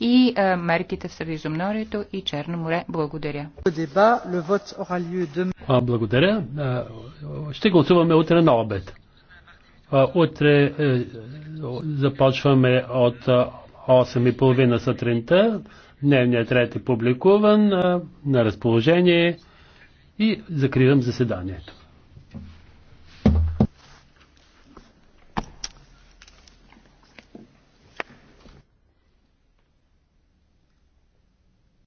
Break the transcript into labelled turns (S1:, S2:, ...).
S1: и а, е, мерките в Средиземноорието и Черно море. Благодаря.
S2: благодаря. ще гласуваме утре на обед.
S3: утре е, започваме от 8.30 сутринта. Дневният ред е публикуван на разположение и закривам заседанието.